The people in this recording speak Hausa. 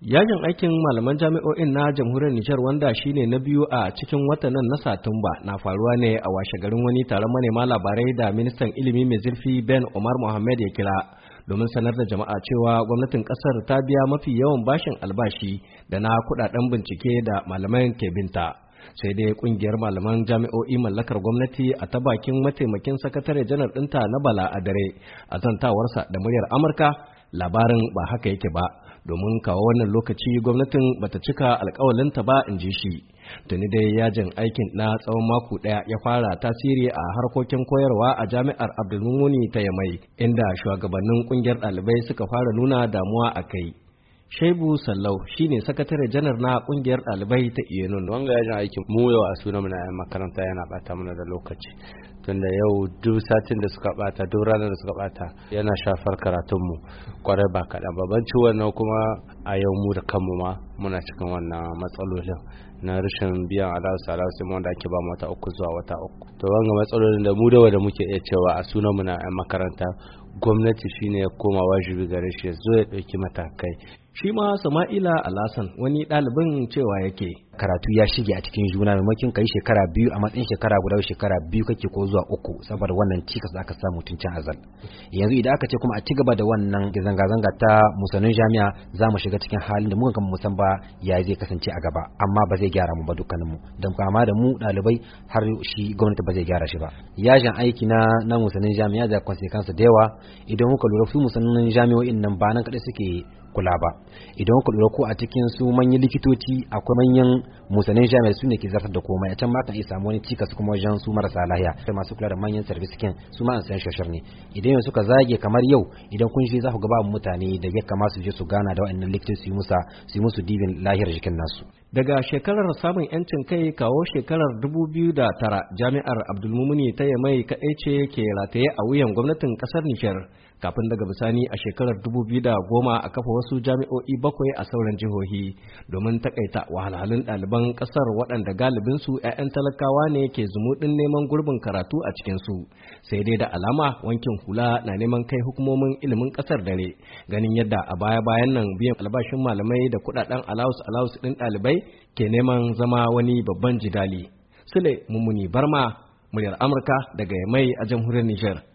Yajin aikin malaman jami'o'in na jamhuriyar Nijar wanda shine na biyu a cikin watan na Satumba na faruwa ne a washe garin wani taron manema labarai da ministan ilimi mai zurfi Ben Omar Mohammed ya kira domin sanar da jama'a cewa gwamnatin kasar ta biya mafi yawan bashin albashi da na kudaden bincike da malaman ke binta. Sai dai kungiyar malaman jami'o'i mallakar gwamnati a ta bakin mataimakin sakatare janar dinta na Bala Adare a zantawarsa da muryar Amurka labarin ba haka yake ba. domin kawo wannan lokaci gwamnatin bata cika alkawalinta ba in ji shi tuni dai yajin aikin na tsawon mako daya ya fara tasiri a harkokin koyarwa a jami'ar abdulmumuni ta yamai inda shugabannin kungiyar ɗalibai suka fara nuna damuwa a kai Shaibu Sallau shi ne sakatare janar na kungiyar ɗalibai ta Iyenun. Wanga yajin aikin mu yau a sunan muna yan makaranta yana bata mana da lokaci. Tunda yau duk satin da suka bata duk ranar da suka bata yana shafar karatunmu kwarai ba kaɗan babban ciwon nan kuma a yau mu da kanmu ma muna cikin wannan matsalolin na rashin biyan alawus alawus wanda ake ba wata uku zuwa wata uku. To wanga matsalolin da mu da wanda muke iya cewa a sunan muna yan makaranta gwamnati shine ya koma wajibi gare shi ya zo ya ɗauki matakai shi ma sama'ila alasan wani ɗalibin cewa yake karatu ya shige a cikin juna maimakon kai shekara biyu a matsayin shekara guda shekara biyu kake ko zuwa uku saboda wannan cikas aka samu tun can azal yanzu idan aka ce kuma a ci gaba da wannan zanga-zanga ta musanin jami'a za mu shiga cikin halin da muka mu san ba ya zai kasance a gaba amma ba zai gyara mu ba dukkaninmu don kama da mu ɗalibai har shi gwamnati ba zai gyara shi ba yajin aiki na na jami'a da kansa da yawa idan muka lura su musanin jami'o'in nan ba nan kaɗai suke kula ba idan ku lura ko a cikin su manyan likitoci akwai manyan musanin jami'ai su ne ke zartar da komai a can ma kan iya samu wani cikas kuma wajen su marasa lahiya sai masu kula da manyan service kin su ma an san shashar ne idan yanzu ka zage kamar yau idan kun je za ku ga mutane da ya kama su je su gana da wa'annan likitoci su yi musu dibin lahiyar jikin nasu Daga shekarar samun 'yancin kai kawo shekarar da tara, jami'ar Abdulmumuni ta Yamai kaɗai ce ke rataye a wuyan gwamnatin ƙasar Nijar kafin daga bisani a shekarar da goma a kafa wasu jami'o'i bakwai a sauran jihohi domin takaita wahalhalun ɗaliban ƙasar waɗanda galibinsu 'ya'yan talakawa ne ke zumuɗin neman gurbin karatu a cikinsu sai dai da alama wankin hula na neman kai hukumomin ilimin ƙasar dare ganin yadda a baya-bayan nan biyan albashin malamai da kuɗaɗen alaus alaus ɗin ɗalibai ke neman zama wani babban jidali. Sule Mummuni Barma, muryar Amurka daga Mai a jamhuriyar Nijar.